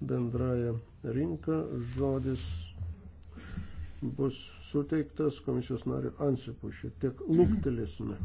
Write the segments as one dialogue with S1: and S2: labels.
S1: bendraja rinka. Žodis bus suteiktas komisijos nariu Ansipui. Šiek tiek luktelėsime.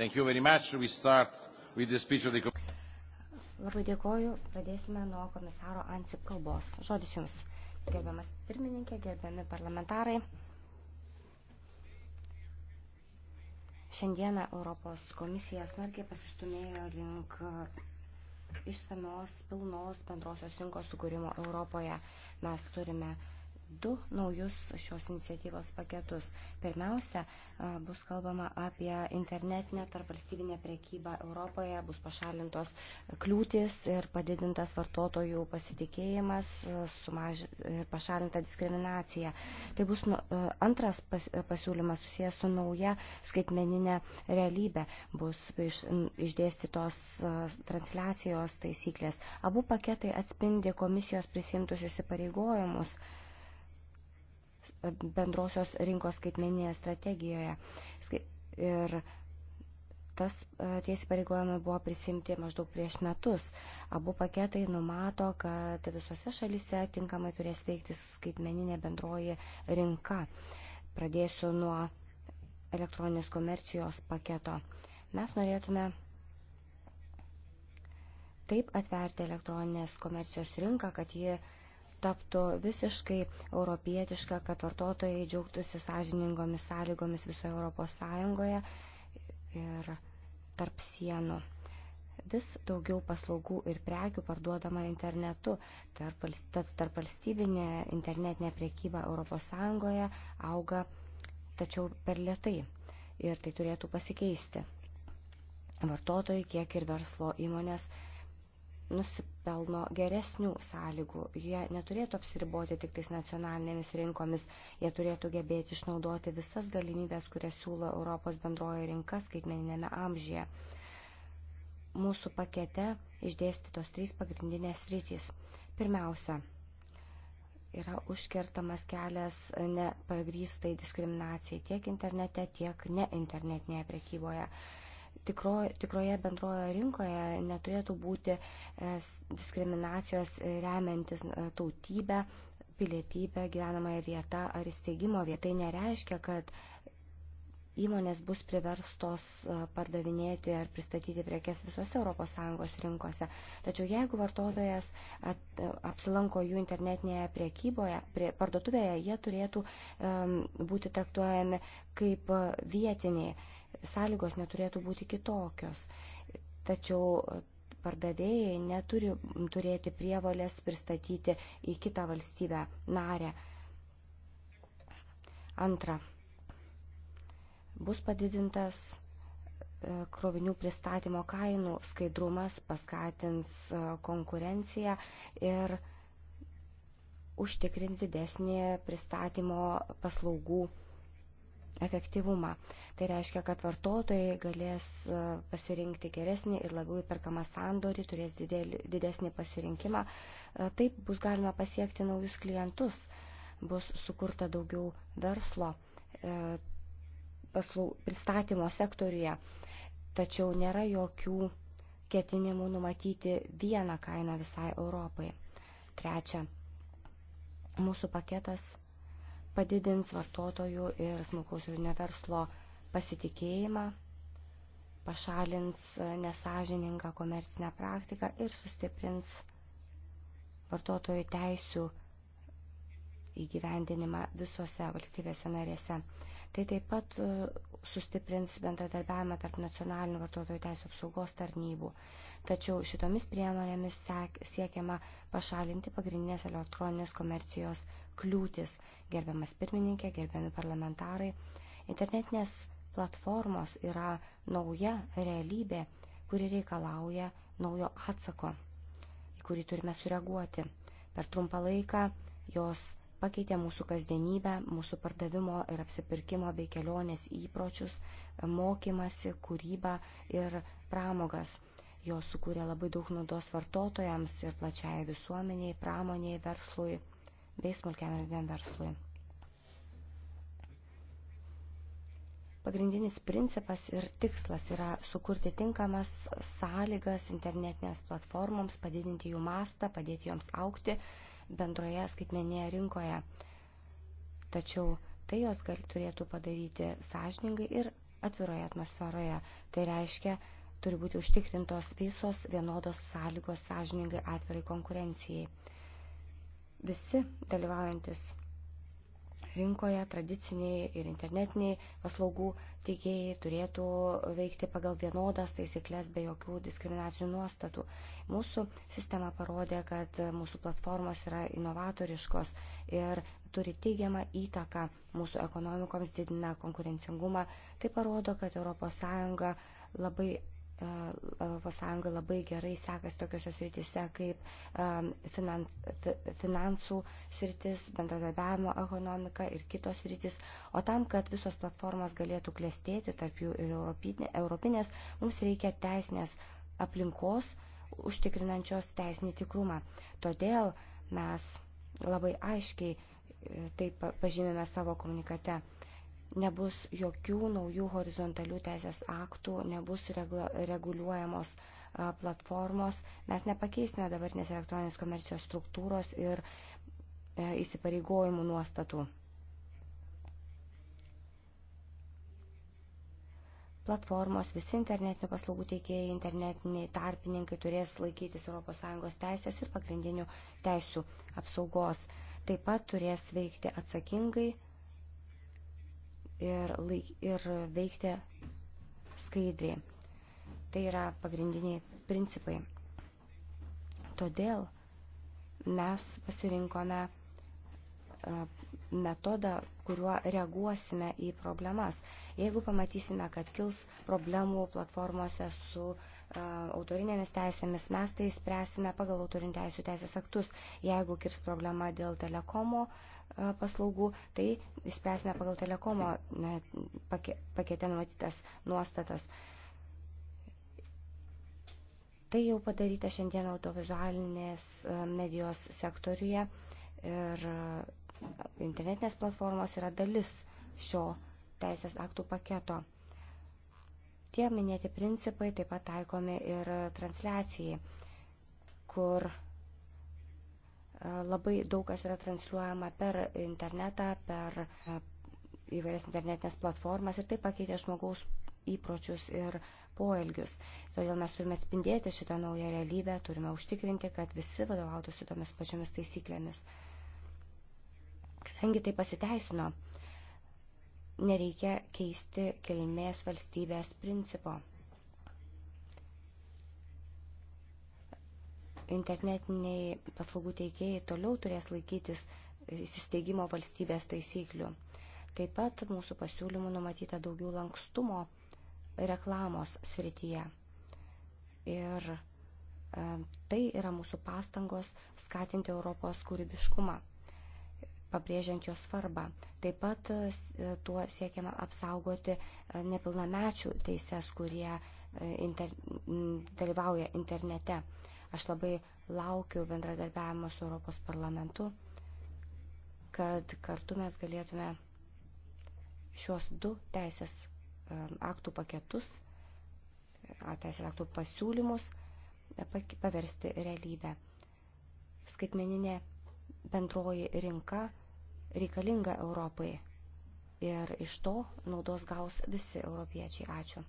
S2: The...
S3: Labai dėkoju. Pradėsime nuo komisaro Ansip kalbos. Žodis Jums. Gerbiamas pirmininkė, gerbiami parlamentarai. Šiandieną Europos komisija smarkiai pasistumėjo link išsamios, pilnos bendrosios rinkos sukūrimo Europoje. Mes turime uh, du naujus šios iniciatyvos paketus. Pirmiausia, bus kalbama apie internetinę tarp valstybinę prekybą Europoje, bus pašalintos kliūtis ir padidintas vartotojų pasitikėjimas, sumaž... pašalinta diskriminacija. Tai bus nu, antras pasiūlymas susijęs su nauja skaitmeninė realybė. Bus išdėstytos transliacijos taisyklės. Abu paketai atspindi komisijos prisimtus įsipareigojimus įsipareigojimus bendrosios rinkos skaitmeninėje strategijoje. Ir tas e, tie įsipareigojimai buvo prisimti maždaug prieš metus. Abu paketai numato, kad visose šalise tinkamai turės veikti skaitmeninė bendroji rinka. Pradėsiu nuo elektroninės komercijos paketo. Mes norėtume taip atverti elektroninės komercijos rinką, kad ji taptų visiškai europietiška, kad vartotojai džiaugtųsi sąžiningomis sąlygomis visoje Europos Sąjungoje ir tarp sienų. Vis daugiau paslaugų ir prekių parduodama internetu. Tarp, tarp valstybinė internetinė priekyba Europos Sąjungoje auga tačiau per lietai ir tai turėtų pasikeisti. Vartotojai, kiek ir verslo įmonės nusipelno geresnių sąlygų. Jie neturėtų apsiriboti tik tais nacionalinėmis rinkomis, jie turėtų gebėti išnaudoti visas galimybės, kurias siūlo Europos bendroji rinka skaitmeninėme amžyje. Mūsų pakete išdėstytos trys pagrindinės rytis. Pirmiausia, yra užkertamas kelias nepagrystai diskriminacijai tiek internete, tiek neinternetinėje prekyboje tikro, tikroje bendroje rinkoje neturėtų būti e, diskriminacijos e, remiantis e, tautybę, pilietybę, gyvenamąją vietą ar įsteigimo vietą. Tai nereiškia, kad įmonės bus priverstos pardavinėti ar pristatyti prekes visose ES rinkose. Tačiau jeigu vartotojas at, apsilanko jų internetinėje priekyboje, prie, parduotuvėje, jie turėtų um, būti traktuojami kaip vietiniai sąlygos neturėtų būti kitokios. Tačiau pardavėjai neturi turėti prievalės pristatyti į kitą valstybę narę. Antra, bus padidintas e, krovinių pristatymo kainų skaidrumas, paskatins e, konkurenciją ir užtikrins didesnį pristatymo paslaugų efektyvumą. Tai reiškia, kad vartotojai galės e, pasirinkti geresnį ir labiau įperkamą sandorį, turės didelį, didesnį pasirinkimą. E, taip bus galima pasiekti naujus klientus, bus sukurta daugiau verslo e, paslau, pristatymo sektoriuje, tačiau nėra jokių ketinimų numatyti vieną kainą visai Europai. Trečia, mūsų paketas padidins vartotojų ir smulkaus jūrinio verslo pasitikėjimą, pašalins nesažiningą komercinę praktiką ir sustiprins vartotojų teisių įgyvendinimą visose valstybėse narėse. Tai taip pat e, sustiprins bendradarbiavimą tarp nacionalinių vartotojų teisų apsaugos tarnybų. Tačiau šitomis priemonėmis siekiama pašalinti pagrindinės elektroninės komercijos kliūtis. Gerbiamas pirmininkė, gerbiami parlamentarai, internetinės platformos yra nauja realybė, kuri reikalauja naujo atsako, į kurį turime sureaguoti. Per trumpą laiką jos pakeitė mūsų kasdienybę, mūsų pardavimo ir apsipirkimo bei kelionės įpročius, mokymasi, kūrybą ir pramogas. Jo sukūrė labai daug naudos vartotojams ir plačiai visuomeniai, pramoniai, verslui bei smulkiam ir dviem verslui. Pagrindinis principas ir tikslas yra sukurti tinkamas sąlygas internetinės platformoms, padidinti jų mastą, padėti joms aukti, bendroje skaitmenėje rinkoje. Tačiau tai jos gal, turėtų padaryti sąžiningai ir atviroje atmosferoje. Tai reiškia, turi būti užtikrintos visos vienodos sąlygos sąžiningai atvirai konkurencijai. Visi dalyvaujantis rinkoje tradiciniai ir internetiniai paslaugų teikėjai turėtų veikti pagal vienodas taisyklės be jokių diskriminacinių nuostatų. Mūsų sistema parodė, kad mūsų platformos yra inovatoriškos ir turi teigiamą įtaką mūsų ekonomikoms, didina konkurencingumą. Tai parodo, kad ES labai ES e, labai gerai sekasi tokiuose srityse kaip e, finans, finansų sritis, bendradarbiavimo ekonomika ir kitos sritis. O tam, kad visos platformos galėtų klestėti, tarp jų ir europinės, mums reikia teisinės aplinkos užtikrinančios teisinį tikrumą. Todėl mes labai aiškiai e, taip pažymėme savo komunikate nebus jokių naujų horizontalių teisės aktų, nebus regla, reguliuojamos a, platformos, mes nepakeisime dabartinės elektroninės komercijos struktūros ir a, e, įsipareigojimų nuostatų. Platformos, visi internetinių paslaugų teikėjai, internetiniai tarpininkai turės laikytis ES teisės ir pagrindinių teisių apsaugos. Taip pat turės veikti atsakingai ir, laik, ir veikti skaidriai. Tai yra pagrindiniai principai. Todėl mes pasirinkome e, metodą, kuriuo reaguosime į problemas. Jeigu pamatysime, kad kils problemų platformose su uh, autorinėmis teisėmis, mes tai spręsime pagal autorinių teisų teisės aktus. Jeigu kirs problema dėl telekomo paslaugų, tai spręsime pagal telekomo pakete numatytas nuostatas. Tai jau padaryta šiandien autovizualinės medijos sektoriuje ir internetinės platformos yra dalis šio teisės aktų paketo. Tie minėti principai taip pat taikomi ir transliacijai, kur e, labai daug kas yra transliuojama per internetą, per e, įvairias internetinės platformas ir tai pakeitė žmogaus įpročius ir poelgius. Todėl mes turime atspindėti šitą naują realybę, turime užtikrinti, kad visi vadovautųsi tomis pačiomis taisyklėmis. Kadangi tai pasiteisino, nereikia keisti kilmės valstybės principo. Internetiniai paslaugų teikėjai toliau turės laikytis įsisteigimo valstybės taisyklių. Taip pat mūsų pasiūlymų numatyta daugiau lankstumo reklamos srityje. Ir e, tai yra mūsų pastangos skatinti Europos kūrybiškumą pabrėžiant jos svarbą. Taip pat e, e, tuo siekiama apsaugoti e, nepilnamečių teises, kurie inter, dalyvauja internete. Aš labai laukiu bendradarbiavimo su Europos parlamentu, kad kartu mes galėtume šios du teisės aktų paketus, teisės aktų pasiūlymus paversti realybę. Skaitmeninė bendroji rinka reikalinga Europai. Ir iš to naudos gaus visi europiečiai. Ačiū.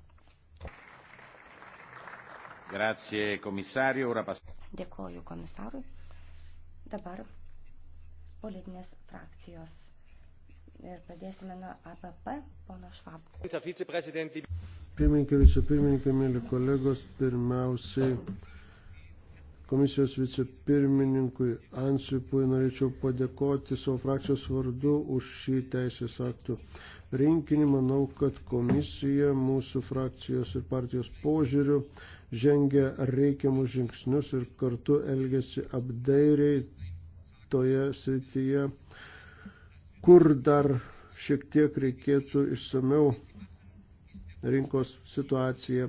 S2: Grazie, komisario.
S3: Dėkoju komisarui. Dabar politinės frakcijos. Ir pradėsime nuo APP, pono Švab.
S1: Pirmininkė, vicepirmininkė, mėly kolegos, pirmiausiai komisijos vicepirmininkui Ansipui norėčiau padėkoti savo frakcijos vardu už šį teisės aktų rinkinį. Manau, kad komisija mūsų frakcijos ir partijos požiūrių žengia reikiamus žingsnius ir kartu elgesi apdairiai toje srityje, kur dar šiek tiek reikėtų išsameu rinkos situaciją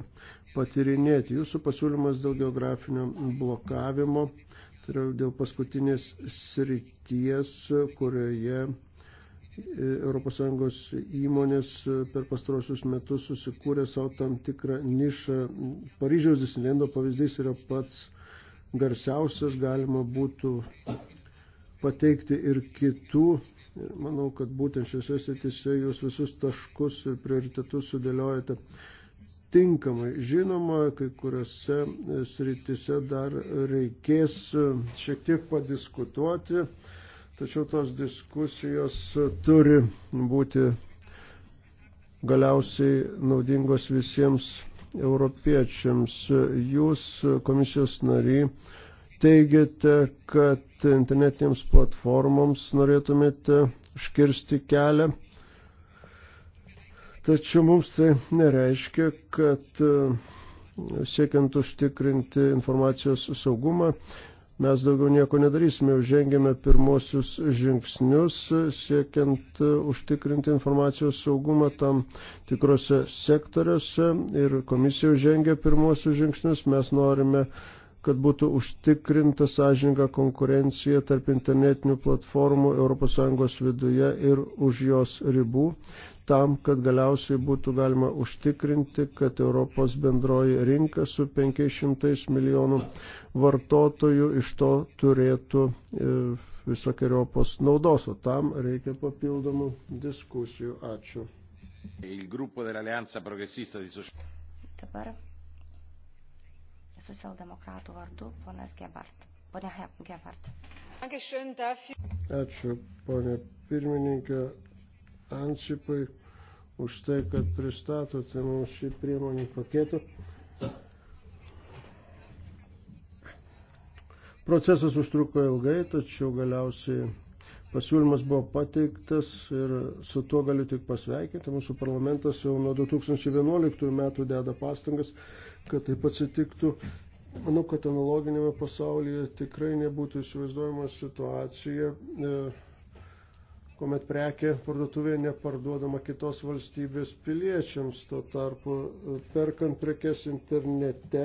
S1: patirinėti. Jūsų pasiūlymas dėl geografinio blokavimo, tai yra dėl paskutinės srities, kurioje ES įmonės e, per pastarosius metus susikūrė savo tam tikrą nišą. Paryžiaus Disneylendo pavyzdys yra pats garsiausias, galima būtų pateikti ir kitų. Ir manau, kad būtent šiose sritise jūs visus taškus ir prioritetus sudėliojate tinkamai. Žinoma, kai kuriuose e, sritise dar reikės e, šiek tiek padiskutuoti, tačiau tos diskusijos turi būti galiausiai naudingos visiems europiečiams. Jūs, komisijos nariai, teigiate, kad internetinėms platformoms norėtumėte užkirsti kelią Tačiau mums tai nereiškia, kad e, siekiant užtikrinti informacijos saugumą, mes daugiau nieko nedarysime, jau žengėme pirmosius žingsnius e, siekiant e, užtikrinti informacijos saugumą tam tikrose sektoriuose ir komisija jau žengė pirmosius žingsnius, mes norime, kad būtų užtikrinta sąžininga konkurencija tarp internetinių platformų ES viduje ir už jos ribų tam, kad galiausiai būtų galima užtikrinti, kad Europos bendroji rinka su 500 milijonų vartotojų iš to turėtų e, visokiojopos naudos, o tam reikia papildomų diskusijų.
S2: Ačiū. Dabar
S3: socialdemokratų vardu ponas Gebart. Pone Gebart.
S1: Ačiū, ponė pirmininkė. Ansipui už tai, kad pristatote mums šį priemonių paketą. Procesas užtruko ilgai, tačiau galiausiai pasiūlymas buvo pateiktas ir su tuo galiu tik pasveikinti. Mūsų parlamentas jau nuo 2011 metų deda pastangas, kad taip atsitiktų. Manau, kad analoginėme pasaulyje tikrai nebūtų įsivaizduojama situacija. E, kuomet prekė parduotuvėje neparduodama kitos valstybės piliečiams. Tuo tarpu e, perkant prekes internete,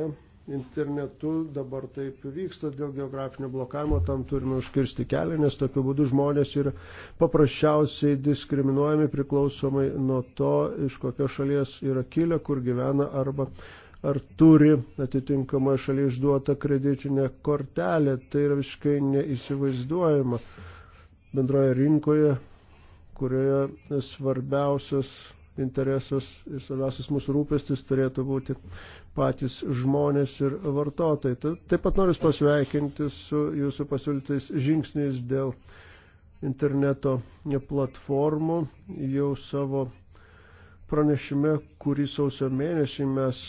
S1: internetu dabar taip vyksta dėl geografinio blokavimo, tam turime užkirsti kelią, nes tokiu būdu žmonės yra paprasčiausiai diskriminuojami priklausomai nuo to, iš kokios šalies yra kilę, kur gyvena arba ar turi atitinkamą šalį išduotą kreditinę kortelę. Tai yra visiškai neįsivaizduojama bendroje rinkoje, kurioje svarbiausias interesas ir svarbiausias mūsų rūpestis turėtų būti patys žmonės ir vartotojai. Taip pat noriu pasveikinti su jūsų pasiūlytais žingsniais dėl interneto platformų. Jau savo pranešime, kurį sausio mėnesį mes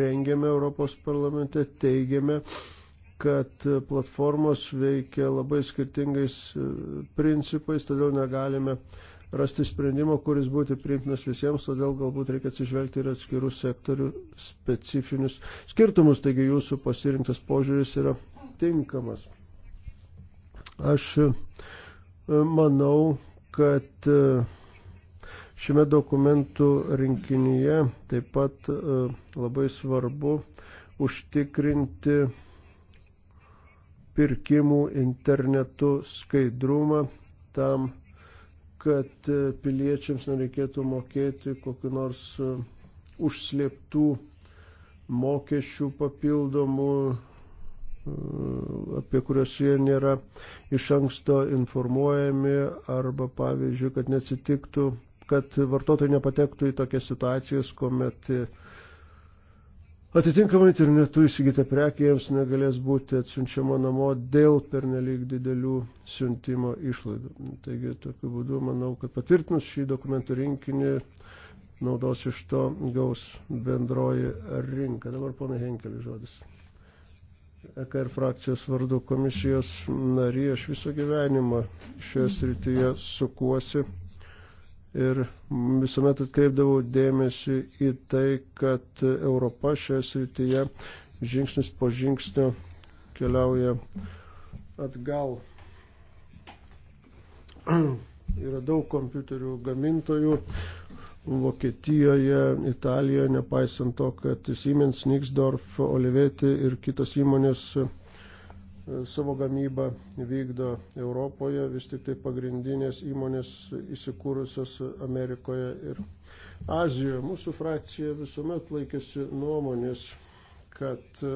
S1: rengėme Europos parlamente, teigiame, kad platformos veikia labai skirtingais e, principais, todėl negalime rasti sprendimo, kuris būtų priimtinas visiems, todėl galbūt reikia atsižvelgti ir atskirų sektorių specifinius skirtumus, taigi jūsų pasirinktas požiūris yra tinkamas. Aš e, manau, kad e, šiame dokumentų rinkinyje taip pat labai svarbu užtikrinti pirkimų internetu skaidrumą tam, kad e, piliečiams nereikėtų mokėti kokiu nors e, užslėptų mokesčių papildomų, e, apie kurias jie nėra iš anksto informuojami arba pavyzdžiui, kad nesitiktų, kad vartotojai nepatektų į tokias situacijas, kuomet Atitinkamai internetu įsigyta prekė jiems negalės būti atsiunčiama namo dėl pernelyg didelių siuntimo išlaidų. Taigi, tokiu būdu, manau, kad patvirtinus šį dokumentų rinkinį, naudos iš to gaus bendroji rinka. Dabar pana Henkelis žodis. EKR frakcijos vardu komisijos narė, aš visą gyvenimą šioje srityje sukuosi ir visuomet atkreipdavau dėmesį į tai, kad Europa šioje srityje žingsnis po žingsnio keliauja atgal. Yra daug kompiuterių gamintojų Vokietijoje, Italijoje, nepaisant to, kad Siemens, Nixdorf, Olivetti ir kitos įmonės savo gamybą vykdo Europoje, vis tik tai pagrindinės įmonės įsikūrusios Amerikoje ir Azijoje. Mūsų frakcija visuomet laikėsi nuomonės, kad e,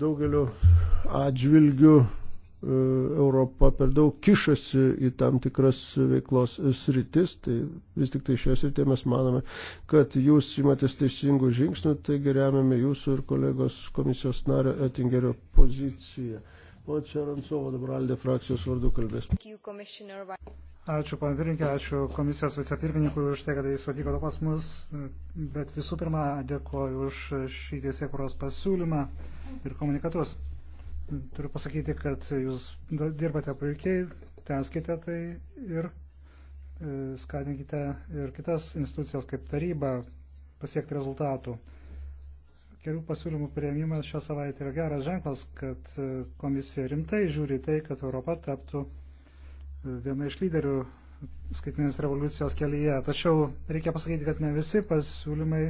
S1: daugeliu atžvilgių E, Europa per daug kišasi į tam tikras veiklos sritis, tai vis tik tai šioje srityje mes manome, kad jūs imatės teisingų žingsnių, tai geriamėme jūsų ir kolegos komisijos nario Ettingerio poziciją.
S4: O čia Rancovo dabar Aldė frakcijos vardu kalbės. Ačiū, pana pirmininkė, ačiū komisijos vicepirmininkui už tai, kad jis atvyko pas mus, bet visų pirma dėkoju už šį teisėkuros pasiūlymą ir komunikatus turiu pasakyti, kad jūs dirbate puikiai, tęskite tai ir e, skatinkite ir kitas institucijas kaip taryba pasiekti rezultatų. Kelių pasiūlymų prieimimas šią savaitę yra geras ženklas, kad e, komisija rimtai žiūri tai, kad Europa taptų e, viena iš lyderių skaitminės revoliucijos kelyje. Tačiau reikia pasakyti, kad ne visi pasiūlymai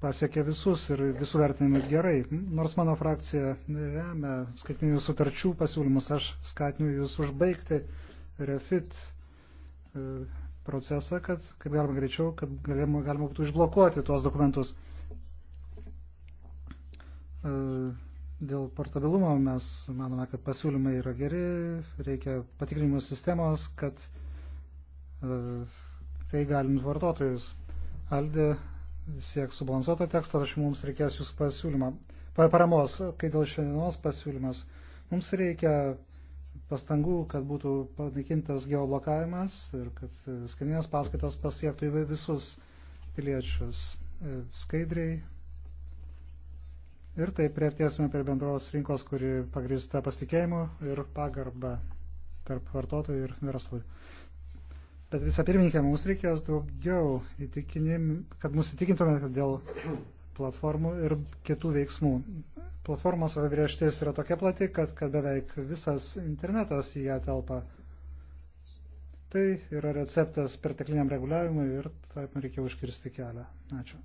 S4: pasiekė visus ir visų vertinimai gerai. Nors mano frakcija remia skaitminių sutarčių pasiūlymus, aš skatinu jūs užbaigti refit e, procesą, kad kaip galima greičiau, kad galima, galima būtų išblokuoti tuos dokumentus. E, dėl portabilumo mes manome, kad pasiūlymai yra geri, reikia patikrinimų sistemos, kad e, tai galint vartotojus. Aldė sieks subalansuoto teksto, tačiau mums reikės jūsų pasiūlymą, paramos, kai dėl šiandienos pasiūlymas. Mums reikia pastangų, kad būtų panaikintas geoblokavimas ir kad skaninės paskaitos pasiektų į visus piliečius e, skaidriai. Ir taip prieartėsime prie bendros rinkos, kuri pagrįsta pasitikėjimu ir pagarba tarp vartotojų ir verslui. Bet visą pirmininkę mums reikės daugiau, įtikinim, kad mus įtikintumėte dėl platformų ir kitų veiksmų. Platformos apibrieštis yra tokia plati, kad, kad beveik visas internetas į ją telpa. Tai yra receptas pertekliniam reguliavimui ir taip reikia užkirsti kelią. Ačiū.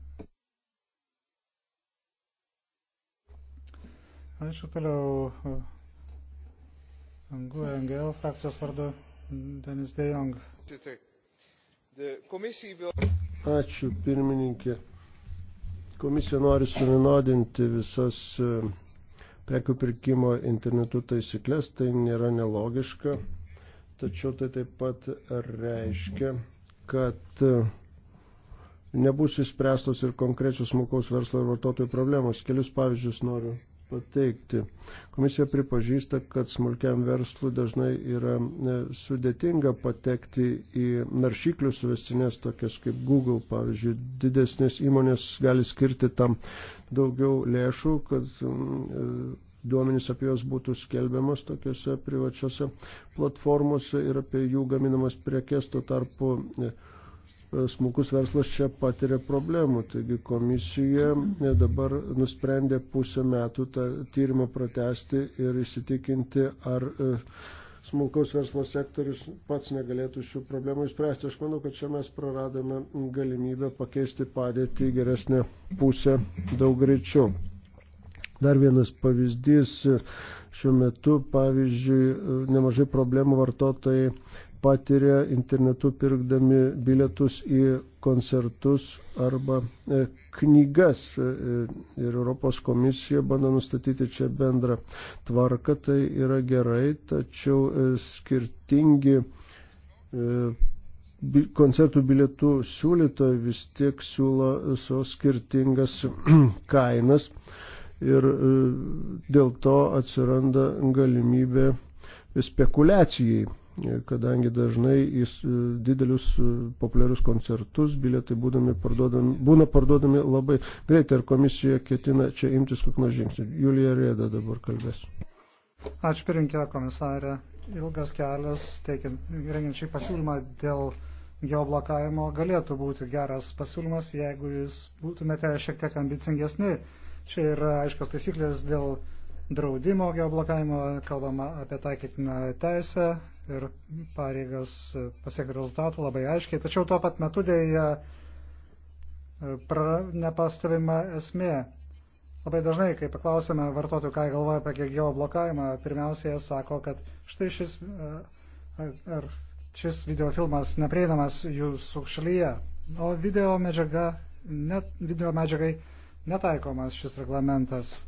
S4: Ačiū toliau. Angų NGL frakcijos vardu Denis De Jong. Ačiū,
S1: pirmininkė. Komisija nori suvienodinti visas e, prekių pirkimo internetu taisyklės, tai nėra nelogiška, tačiau tai taip pat reiškia, kad e, nebus įspręstos ir konkrečios smulkaus verslo ir vartotojų problemos. Kelius pavyzdžius noriu pateikti. Komisija pripažįsta, kad smulkiam verslui dažnai yra e, sudėtinga patekti į naršyklių suvestinės, tokias kaip Google, pavyzdžiui, didesnės įmonės gali skirti tam daugiau lėšų, kad e, duomenys apie juos būtų skelbiamas tokiuose privačiose platformose ir apie jų gaminamas prekes, tuo tarpu e, smulkus verslas čia patiria problemų. Taigi komisija e, dabar nusprendė pusę metų tą tyrimą pratesti ir įsitikinti, ar e, smulkaus verslo sektorius pats negalėtų šių problemų išspręsti. Aš manau, kad čia mes praradome galimybę pakeisti padėtį geresnę pusę daug greičiau. Dar vienas pavyzdys, šiuo metu, pavyzdžiui, nemažai problemų vartotojai patiria internetu pirkdami bilietus į koncertus arba e, knygas. E, ir Europos komisija bando nustatyti čia bendrą tvarką, tai yra gerai, tačiau e, skirtingi koncertų bilietų siūlytojai vis tiek siūlo savo skirtingas kainas ir dėl to atsiranda galimybė spekulacijai kadangi dažnai į didelius e, populiarius koncertus bilietai būdami parduodami, būna parduodami labai greitai. Ar komisija ketina čia imtis kokių nors žingsnių? Julija Rėda dabar kalbės.
S4: Ačiū pirinkė komisarė. Ilgas kelias, teikiant, rengiant šį pasiūlymą dėl geoblokavimo galėtų būti geras pasiūlymas, jeigu jūs būtumėte šiek tiek ambicingesni. Čia yra aiškas taisyklės dėl draudimo geoblokavimo, kalbama apie taikytiną teisę ir pareigas pasiekti rezultatų labai aiškiai, tačiau tuo pat metu dėja e, nepastebima esmė. Labai dažnai, kai paklausome vartotojų, ką galvoja apie GGO blokavimą, pirmiausia, jie sako, kad štai šis, e, e, ar šis videofilmas neprieinamas jūsų šalyje, o video medžiaga, net, video medžiagai netaikomas šis reglamentas.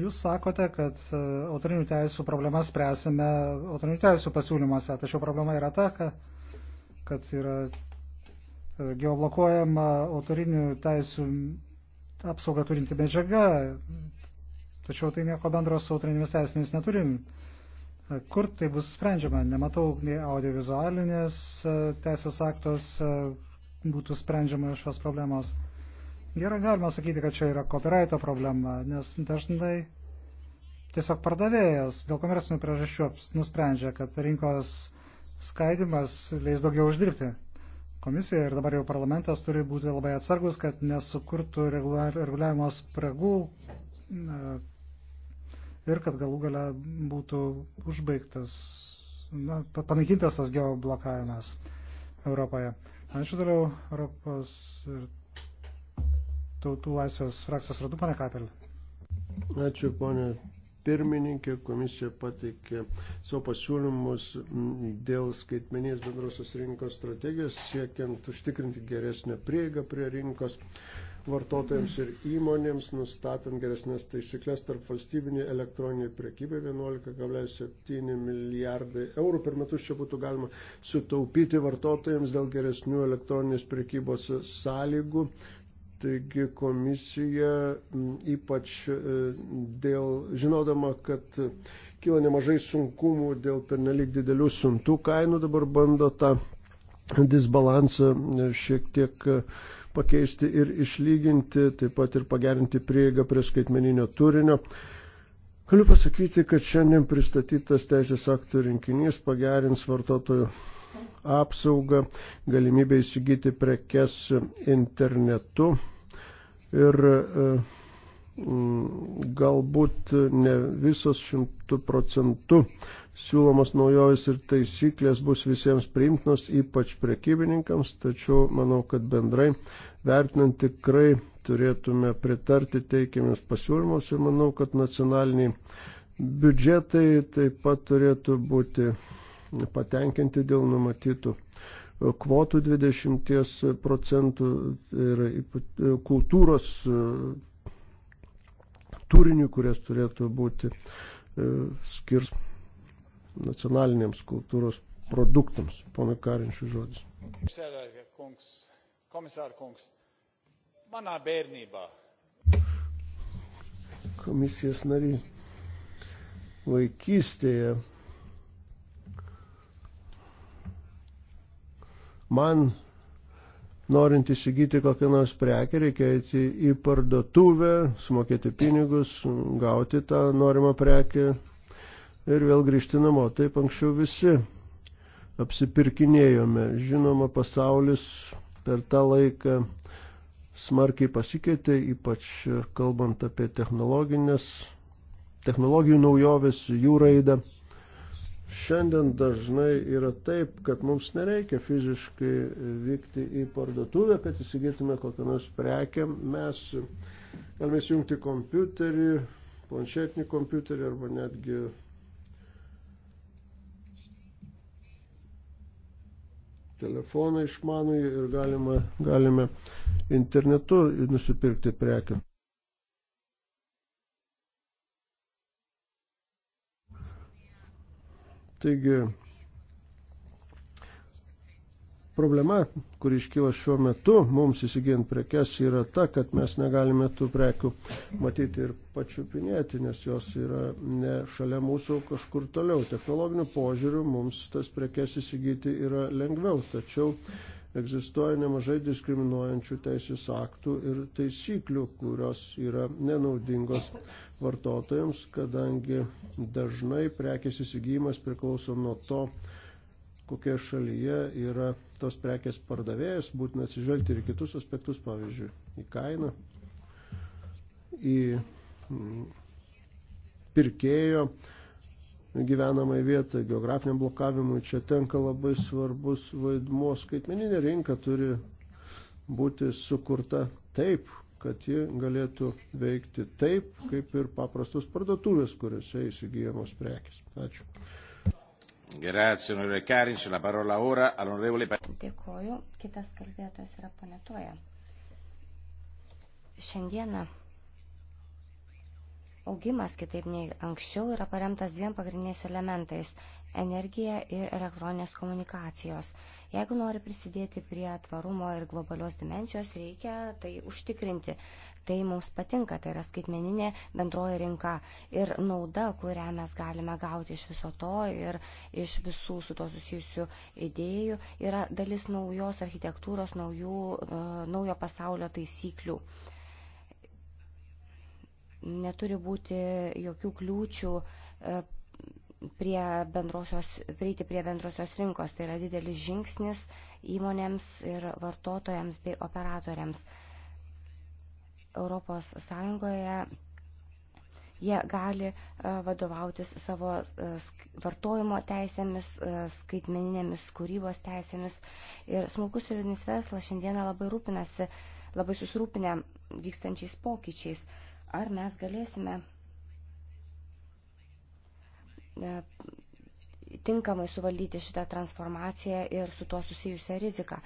S4: Jūs sakote, kad e, autorinių teisų problemas spręsime autorinių teisų pasiūlymuose, tačiau problema yra ta, kad, kad yra e, geoblokuojama autorinių teisų apsaugą turinti medžiaga, tačiau tai nieko bendro su autorinėmis teisėmis neturim. E, kur tai bus sprendžiama? Nematau nei audiovizualinės teisės aktos būtų sprendžiama šios problemos. Gerai, galima sakyti, kad čia yra copyrighto problema, nes dažnai tiesiog pardavėjas dėl komercinių priežasčių nusprendžia, kad rinkos skaidimas leis daugiau uždirbti. Komisija ir dabar jau parlamentas turi būti labai atsargus, kad nesukurtų reguliavimo spragų ir kad galų gale būtų užbaigtas, na, panaikintas tas geoblokavimas Europoje. Ačiū toliau Europos ir tautų laisvės frakcijos radu, pane Kapelė.
S1: Ačiū, ponė pirmininkė, komisija pateikė savo pasiūlymus dėl skaitmenės bendrosios rinkos strategijos, siekiant užtikrinti geresnę prieigą prie rinkos vartotojams ir įmonėms, nustatant geresnės taisyklės tarp valstybinį elektroninį priekybę 11,7 milijardai eurų per metus čia būtų galima sutaupyti vartotojams dėl geresnių elektroninės priekybos sąlygų Taigi komisija ypač e, dėl, žinodama, kad kyla nemažai sunkumų dėl pernelyg didelių siuntų kainų, dabar bando tą disbalansą e, šiek tiek e, pakeisti ir išlyginti, taip pat ir pagerinti prieigą prie skaitmeninio turinio. Galiu pasakyti, kad šiandien pristatytas teisės aktų rinkinys pagerins vartotojų apsaugą, galimybę įsigyti prekes internetu ir e, galbūt ne visos šimtų procentų siūlomos naujovės ir taisyklės bus visiems priimtinos, ypač prekybininkams, tačiau manau, kad bendrai vertinant tikrai turėtume pritarti teikiamiams pasiūlymams ir manau, kad nacionaliniai biudžetai taip pat turėtų būti patenkinti dėl numatytų kvotų 20 procentų ir kultūros e, turinių, kurias turėtų būti e, skirs nacionaliniams kultūros produktams. Pana Karinčių žodis.
S4: Komisār kungs, manā bērnībā.
S1: Komisijas nariai vaikystėje Man, norint įsigyti kokią nors prekę, reikia eiti į parduotuvę, sumokėti pinigus, gauti tą norimą prekę ir vėl grįžti namo. Taip anksčiau visi apsipirkinėjome. Žinoma, pasaulis per tą laiką smarkiai pasikeitė, ypač kalbant apie technologinės, technologijų naujoves, jų raidą. Šiandien dažnai yra taip, kad mums nereikia fiziškai vykti į parduotuvę, kad įsigytume kokią nors prekę. Mes galime įjungti kompiuterį, planšetinį kompiuterį arba netgi telefoną išmanųjį ir galima, galime internetu nusipirkti prekę. Taigi, problema, kuri iškyla šiuo metu mums įsigijant prekes, yra ta, kad mes negalime tų prekių matyti ir pačiupinėti, nes jos yra ne šalia mūsų kažkur toliau. Technologiniu požiūriu mums tas prekes įsigyti yra lengviau, tačiau egzistuoja nemažai diskriminuojančių teisės aktų ir taisyklių, kurios yra nenaudingos vartotojams, kadangi dažnai prekės įsigijimas priklauso nuo to, kokie šalyje yra tos prekės pardavėjas, būtina atsižvelgti ir kitus aspektus, pavyzdžiui, į kainą, į pirkėjo gyvenamai vietai, geografiniam blokavimui čia tenka labai svarbus vaidmuo. Skaitmeninė rinka turi būti sukurta taip, kad ji galėtų veikti taip, kaip ir paprastos parduotuvės, kuriuose įsigijamos prekis. Ačiū.
S2: Grazie, onorevole Karinč. La parola ora all'onorevole Dėkoju.
S3: Kitas kalbėtojas yra ponetoja. Šiandieną Augimas, kitaip nei anksčiau, yra paremtas dviem pagrindiniais elementais - energija ir elektroninės komunikacijos. Jeigu nori prisidėti prie tvarumo ir globalios dimensijos, reikia tai užtikrinti. Tai mums patinka, tai yra skaitmeninė bendroji rinka ir nauda, kurią mes galime gauti iš viso to ir iš visų su to susijusių idėjų, yra dalis naujos architektūros, naujų, e, naujo pasaulio taisyklių. Uh, neturi būti jokių kliūčių e, prie bendrosios, prieiti prie bendrosios rinkos. Tai yra didelis žingsnis įmonėms ir vartotojams bei operatoriams. Europos Sąjungoje jie gali e, vadovautis savo e, vartojimo teisėmis, skaitmeninėmis kūrybos teisėmis. Ir smulkus ir vidinis verslas šiandieną labai rūpinasi, labai susirūpinę vykstančiais pokyčiais. Ar mes galėsime e, tinkamai suvaldyti šitą transformaciją ir su tuo susijusią riziką.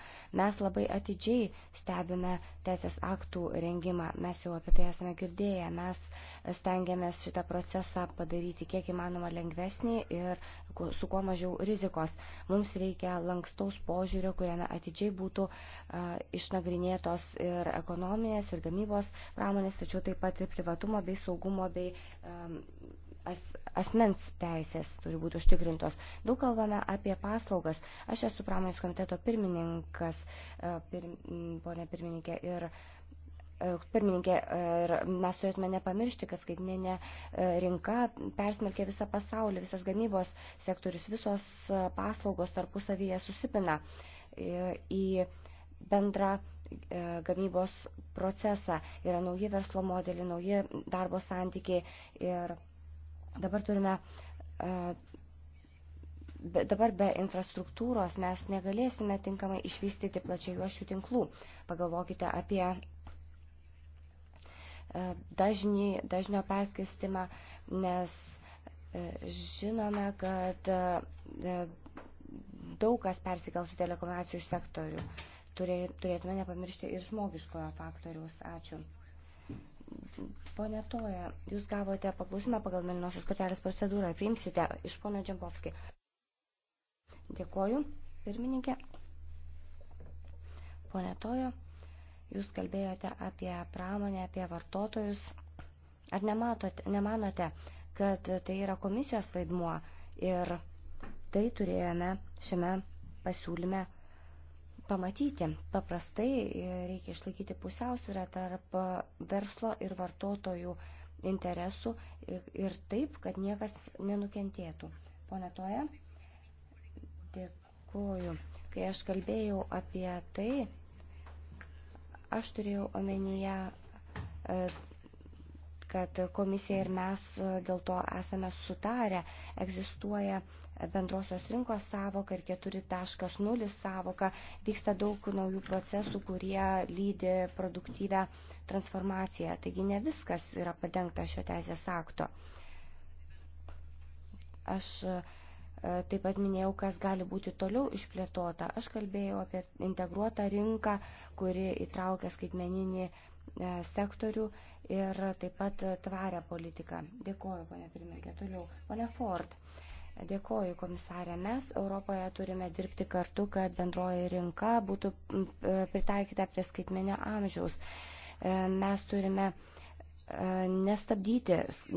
S3: Mes labai atidžiai stebime teisės aktų rengimą, mes jau apie tai esame girdėję, mes stengiamės šitą procesą padaryti kiek įmanoma lengvesnį ir su kuo mažiau rizikos. Mums reikia lankstaus požiūrio, kuriame atidžiai būtų uh, išnagrinėtos ir ekonominės, ir gamybos pramonės, tačiau taip pat ir privatumo bei saugumo bei um, as, asmens teisės turi būti užtikrintos. Daug kalbame apie paslaugas. Aš esu pramonės komiteto pirmininkas, e, pir, ponė pirmininkė, ir e, Pirmininkė, e, ir mes turėtume nepamiršti, kad skaitminė rinka persmelkia visą pasaulį, visas gamybos sektorius, visos paslaugos tarpusavyje susipina į bendrą gamybos procesą. Yra nauji verslo modeliai, nauji darbo santykiai ir Dabar turime e, be, dabar be infrastruktūros mes negalėsime tinkamai išvystyti plačiajuošių tinklų. Pagalvokite apie e, dažnį, dažnio perskirstimą, nes e, žinome, kad daug kas persikels į telekomunikacijų sektorių. Turėtume nepamiršti ir žmogiškojo faktoriaus. Ačiū. Pone Toja, jūs gavote paklausimą pagal Melinosios kortelės procedūrą. Priimsite iš pono Džempovskį. Dėkoju, pirmininkė. Pone Tojo, jūs kalbėjote apie pramonę, apie vartotojus. Ar nematote, nemanote, kad tai yra komisijos vaidmuo ir tai turėjome šiame pasiūlyme pamatyti. Paprastai e, reikia išlaikyti pusiausvyrą tarp verslo ir vartotojų interesų ir taip, kad niekas nenukentėtų. Pone Toja, dėkuoju. Kai aš kalbėjau apie tai, aš turėjau omenyje e, kad komisija ir mes e, dėl to esame sutarę. Egzistuoja bendrosios rinkos savoka ir 4.0 savoka. Vyksta daug naujų procesų, kurie lydi produktyvę transformaciją. Taigi ne viskas yra padengta šio teisės akto. Aš e, taip pat minėjau, kas gali būti toliau išplėtota. Aš kalbėjau apie integruotą rinką, kuri įtraukia skaitmeninį E, sektorių ir taip pat tvarę politiką. Dėkuoju, ponia pirmininkė. Toliau, ponia Ford. Dėkuoju, komisarė. Mes Europoje turime dirbti kartu, kad bendroji rinka būtų e, pritaikyta prie skaitmenio amžiaus. E, mes turime E, nestabdyti,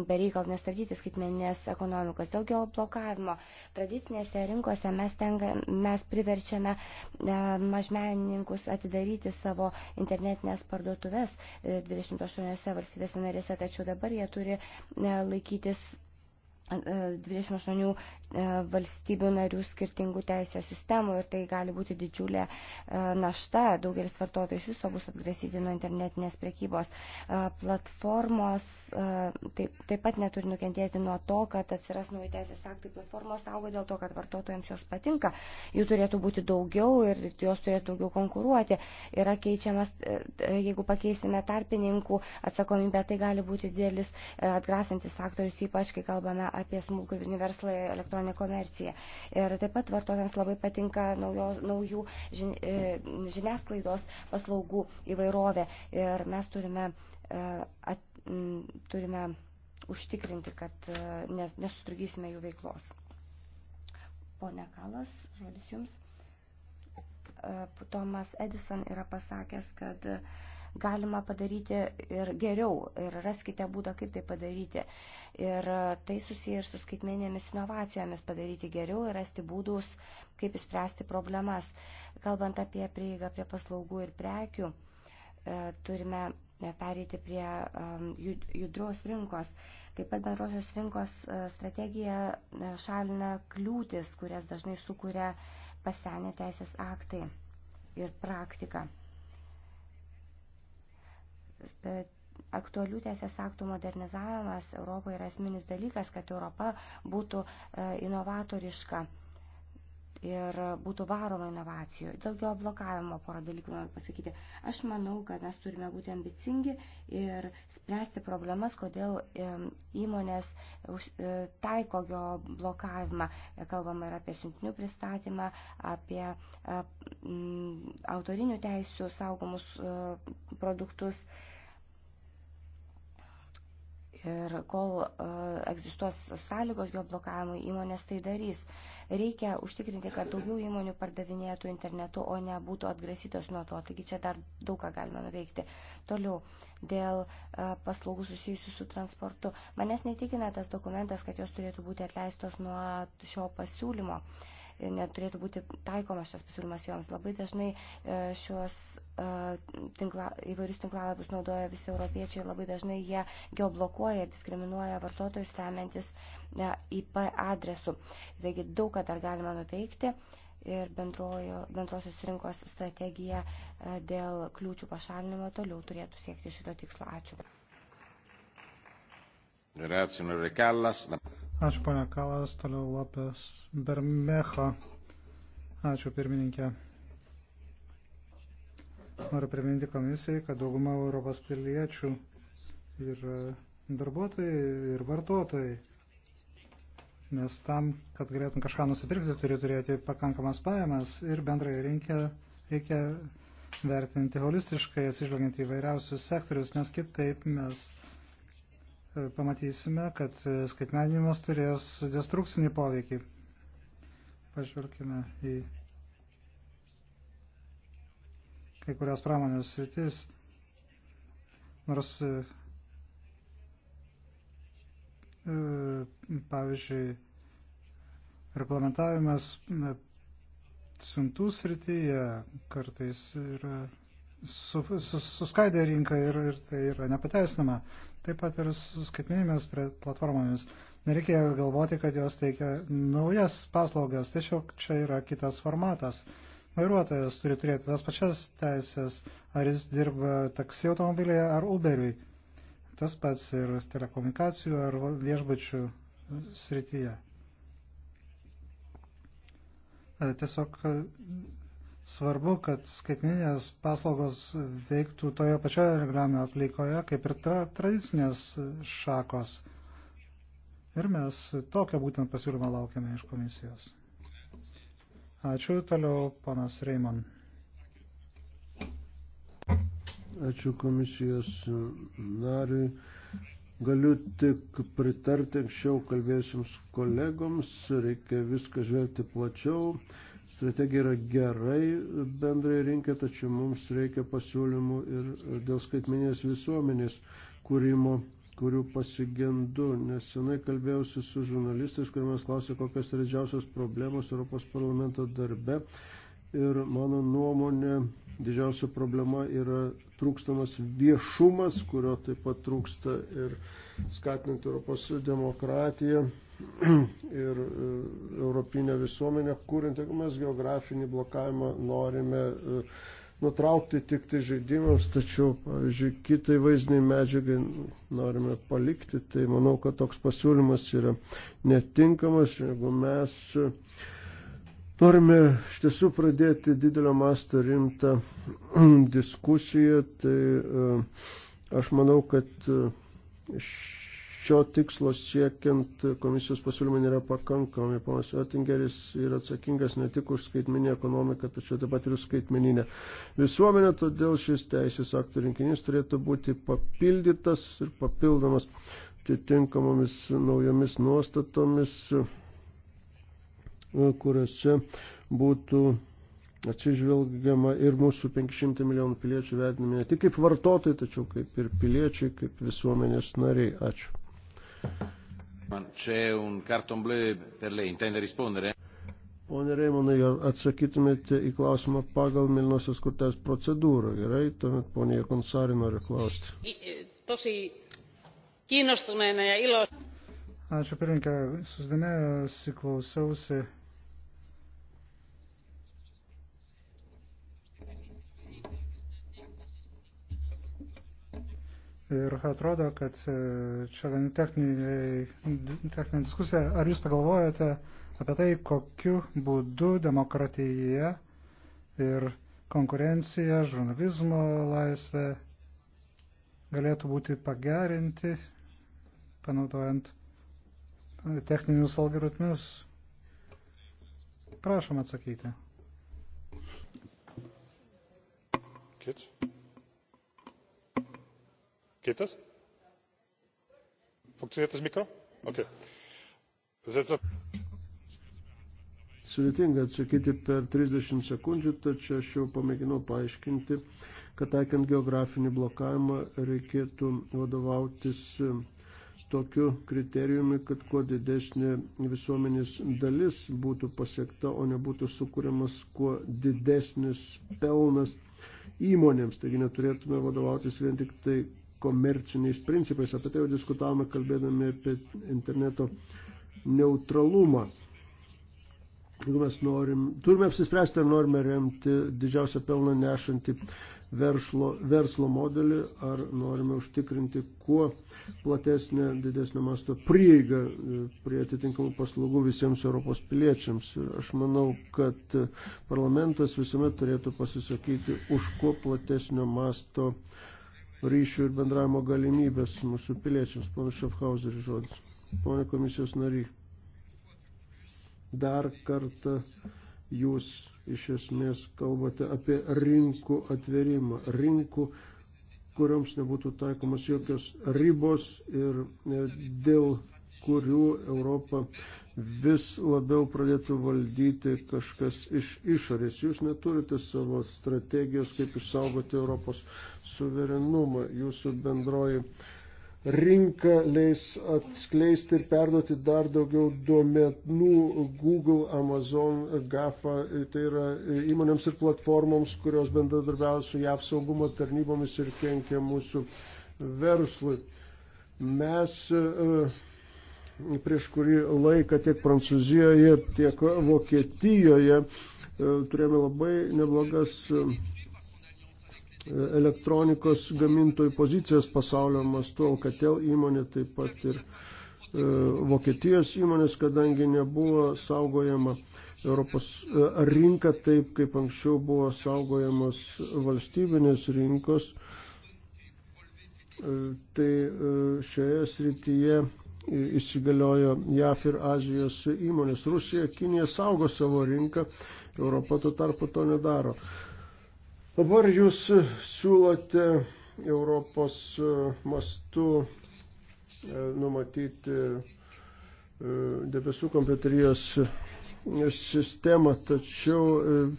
S3: bereikal nestabdyti skaitmeninės ekonomikos. Dėl geoblokavimo tradicinėse rinkose mes, tenga, mes priverčiame e, mažmenininkus atidaryti savo internetinės parduotuvės 28 e, valstybėse narėse, tačiau dabar jie turi laikytis 28 e, valstybių narių skirtingų teisės sistemų ir tai gali būti didžiulė e, našta. Daugelis vartotojų iš viso bus atgrasyti nuo internetinės prekybos. E, platformos taip, taip pat neturi nukentėti nuo to, kad atsiras nauji teisės aktai. Platformos auga dėl to, kad vartotojams jos patinka. Jų turėtų būti daugiau ir jos turėtų daugiau konkuruoti. Yra keičiamas, jeigu pakeisime tarpininkų atsakomybę, tai gali būti didelis atgrasantis faktorius, ypač kai kalbame apie smulkų verslą ir elektroninę komerciją. Ir taip pat vartotojams labai patinka naujo, naujų žin, e, žiniasklaidos paslaugų įvairovė. Ir mes turime, e, at, turime užtikrinti, kad e, nesutrukdysime jų veiklos. Pone Kalas, žodis jums. Tomas Edison yra pasakęs, kad uh, galima padaryti ir geriau ir raskite būdą, kaip tai padaryti. Ir tai susiję ir su skaitmenėmis inovacijomis padaryti geriau ir rasti būdus, kaip įspręsti problemas. Kalbant apie prieigą prie paslaugų ir prekių, e, turime pereiti prie judrios rinkos. Taip pat bendrosios rinkos e, strategija e, šalina kliūtis, kurias dažnai sukuria pasenę teisės aktai ir praktika. E, aktualių teisės aktų modernizavimas Europoje yra esminis dalykas, kad Europa būtų e, inovatoriška ir būtų varoma inovacijų. Dėl geoblokavimo porą dalykų noriu pasakyti. Aš manau, kad mes turime būti ambicingi ir spręsti problemas, kodėl įmonės e, taiko geoblokavimą. Kalbama ir apie siuntinių pristatymą, apie autorinių teisių saugomus produktus. Ir kol e, egzistuos sąlygos jo blokavimui, įmonės tai darys. Reikia užtikrinti, kad daugiau įmonių pardavinėtų internetu, o ne būtų atgrasytos nuo to. Taigi čia dar daug ką galime nuveikti. Toliau, dėl e, paslaugų susijusių su transportu. Manęs netikina tas dokumentas, kad jos turėtų būti atleistos nuo šio pasiūlymo. Uh, neturėtų būti taikomas šios pasiūlymas joms. Labai dažnai e, šios e, tinkla, įvairius tinklalapius naudoja visi europiečiai, labai dažnai jie geoblokuoja ir diskriminuoja vartotojus remiantis e, IP adresu. Taigi daug ką dar galima nuveikti ir bendrojo, bendrosios rinkos strategija dėl kliūčių pašalinimo toliau turėtų siekti šito tikslo. Ačiū.
S2: Grazie,
S4: Ačiū, ponia Kalas, toliau Lopes Bermecho. Ačiū, pirmininkė. Noriu priminti komisijai, kad dauguma Europos piliečių ir darbuotojai ir vartotojai. Nes tam, kad galėtum kažką nusipirkti, turi turėti pakankamas pajamas ir bendrai rinkę reikia vertinti holistiškai, atsižvelgiant į vairiausius sektorius, nes kitaip mes E, pamatysime, kad e, skaitmeninimas turės destrukcinį poveikį. Pažvelkime į kai kurias pramonės sritis. Nors, e, pavyzdžiui, reglamentavimas siuntų srityje kartais yra suskaidę rinką ir, ir tai yra nepateisinama taip pat ir su skaitminėmis platformomis. Nereikia galvoti, kad jos teikia naujas paslaugas, tiesiog čia yra kitas formatas. Vairuotojas turi turėti tas pačias teisės, ar jis dirba taksi automobilėje ar Uberiui. Tas pats ir telekomunikacijų ar viešbučių srityje. E, tiesiog Svarbu, kad skaitminės paslaugos veiktų toje pačioje reguliavimo aplikoje, kaip ir tra tradicinės šakos. Ir mes tokią būtent pasiūlymą laukiame iš komisijos. Ačiū toliau, panas Reimon.
S1: Ačiū komisijos nariui. Galiu tik pritarti anksčiau kalbėjusiems kolegoms, reikia viską žvelgti plačiau strategija yra gerai bendrai rinkai, tačiau mums reikia pasiūlymų ir dėl skaitminės visuomenės kūrimo, kurių pasigendu. Nesenai kalbėjausi su žurnalistais, kurie manęs klausė, kokios yra didžiausios problemos Europos parlamento darbe. Ir mano nuomonė, didžiausia problema yra trūkstamas viešumas, kurio taip pat trūksta ir skatinant Europos demokratiją ir e, europinę visuomenę kūrint, jeigu mes geografinį blokavimą norime e, nutraukti tik tai žaidimams, tačiau, pavyzdžiui, kitai vaizdiniai medžiagai norime palikti, tai manau, kad toks pasiūlymas yra netinkamas, jeigu mes e, norime iš tiesų pradėti didelio masto rimtą diskusiją, tai aš manau, kad iš šio tikslo siekiant komisijos pasiūlymai nėra pakankami. Ponas Oettingeris yra atsakingas ne tik už skaitminį ekonomiką, tačiau taip pat ir už skaitmininę visuomenę, todėl šis teisės aktų rinkinys turėtų būti papildytas ir papildomas atitinkamomis naujomis nuostatomis, kuriuose būtų atsižvelgiama ir mūsų 500 milijonų piliečių vertinami ne tik kaip vartotojai, tačiau kaip ir piliečiai, kaip visuomenės nariai. Ačiū.
S2: C'è un carton bleu per lei, intende rispondere?
S1: Pone Reimonai, ar atsakytumėte į klausimą pagal Milnosios kortės procedūrą? Gerai, tuomet ponė Konsari nori klausti.
S2: E, tosi kiinnostuneena ja ilo.
S4: Ačiū pirmininkė, susidomėjusi klausiausi Ir atrodo, kad e, čia gan techninė diskusija. Ar jūs pagalvojate apie tai, kokiu būdu demokratija ir konkurencija, žurnalizmo laisvė galėtų būti pagerinti, panaudojant e, techninius algoritmius? Prašom atsakyti. Kids? Kitas? Funkcionuoja tas mikro? Okay.
S1: Sudėtinga atsakyti per 30 sekundžių, tačiau aš jau pamėginau paaiškinti, kad taikant geografinį blokavimą reikėtų vadovautis tokiu kriterijumi, kad kuo didesnė visuomenės dalis būtų pasiekta, o nebūtų sukūriamas kuo didesnis pelnas įmonėms. Taigi neturėtume vadovautis vien tik tai komerciniais principais. Apie tai jau diskutavome kalbėdami apie interneto neutralumą. Jeigu mes norim, turime apsispręsti, ar norime remti didžiausią pelną nešantį verslo, verslo modelį, ar norime užtikrinti kuo platesnę, didesnio masto prieigą e, prie atitinkamų paslaugų visiems Europos piliečiams. Ir aš manau, kad parlamentas visuomet turėtų pasisakyti už kuo platesnio masto uh, ryšių ir bendravimo galimybės mūsų piliečiams. Pana Šafhauseris žodis. Pone komisijos nariai, dar kartą jūs iš esmės kalbate apie rinkų atverimą, rinkų, kurioms nebūtų taikomas jokios ribos ir e, dėl kurių Europą vis labiau pradėtų valdyti kažkas iš išorės. Jūs neturite savo strategijos, kaip išsaugoti Europos suverenumą. Jūsų bendroji rinka leis atskleisti ir perduoti dar daugiau duomenų Google, Amazon, GAFA, tai yra įmonėms ir platformoms, kurios bendradarbiavo su JAV saugumo tarnybomis ir kenkia mūsų verslui. Mes uh, prieš kurį laiką tiek Prancūzijoje, tiek Vokietijoje e, turėjome labai neblogas e, elektronikos gamintojų pozicijas pasaulio mastu, Alcatel įmonė taip pat ir e, Vokietijos įmonės, kadangi nebuvo saugojama Europos rinka taip, kaip anksčiau buvo saugojamos valstybinės rinkos, tai šioje srityje įsigaliojo JAF ir Azijos įmonės. Rusija, Kinija saugo savo rinką, Europa to tarpu to nedaro. Dabar jūs siūlote Europos e, mastu e, numatyti e, debesų kompiuterijos sistemą, tačiau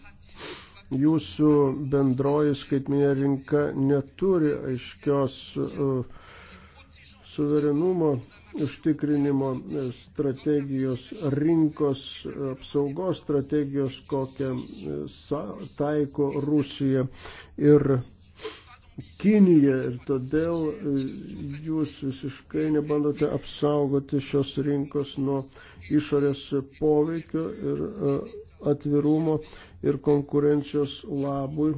S1: jūsų bendroji skaitminė rinka neturi aiškios uh, suverenumo užtikrinimo strategijos, rinkos apsaugos strategijos, kokią e, taiko Rusija ir Kinija ir todėl e, jūs visiškai nebandote apsaugoti šios rinkos nuo išorės poveikio ir e, atvirumo ir konkurencijos labui.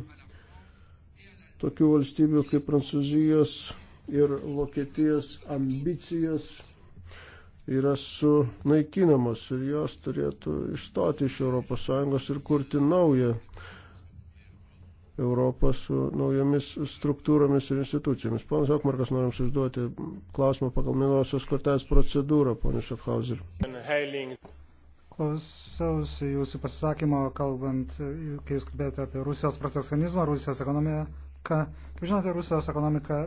S1: Tokių valstybių kaip Prancūzijos ir Vokietijos ambicijos yra sunaikinamos ir jos turėtų išstoti iš ES ir kurti naują Europą su naujomis struktūromis ir institucijomis. Ponas Okmarkas, norim užduoti klausimą pagal minosios kortelės
S4: procedūrą, ponas Schaffhauser. Klausiausi jūsų pasisakymo, kalbant, kai jūs kalbėjote apie Rusijos protekcionizmą, Rusijos ekonomiką. Kaip žinote, Rusijos ekonomika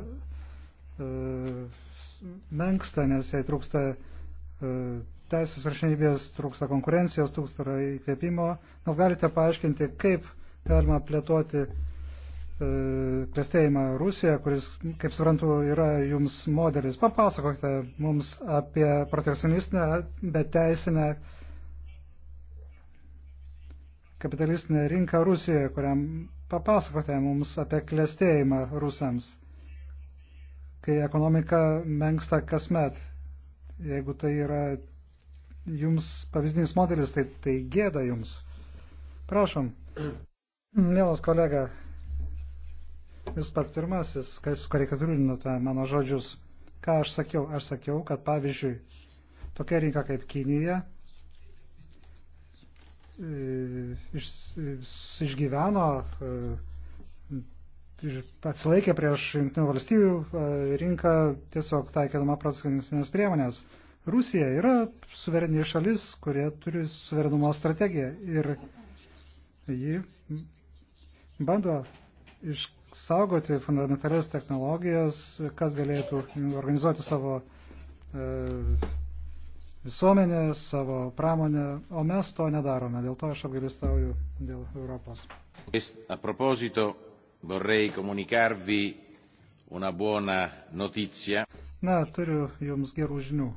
S4: menksta, nes jai trūksta e, teisės viršinybės, trūksta konkurencijos, trūksta įkvėpimo. Gal nu, galite paaiškinti, kaip galima plėtoti e, klėstėjimą Rusijoje, kuris, kaip suprantu, yra jums modelis. Papasakokite mums apie protekcionistinę, beteisinę kapitalistinę rinką Rusijoje, kuriam papasakote mums apie klėstėjimą rusams kai ekonomika menksta kasmet. Jeigu tai yra jums pavyzdinis modelis, tai, tai gėda jums. Prašom, mielas kolega, jūs pats pirmasis, kai sukarikatūrinote mano žodžius, ką aš sakiau. Aš sakiau, kad pavyzdžiui, tokia rinka kaip Kinija e, iš, iš, e, išgyveno e, atsilaikė prieš Junktinių valstybių e, rinką tiesiog taikydama protekcionistinės priemonės. Rusija yra suvereni šalis, kurie turi suverenumo strategiją ir ji bando išsaugoti fundamentalias technologijas, kad galėtų organizuoti savo e, visuomenę, savo pramonę, o mes to nedarome. Dėl to aš apgailestauju dėl Europos.
S2: A proposito vorrei comunicarvi una buona notizia.
S4: Na, turiu jums gerų žinių.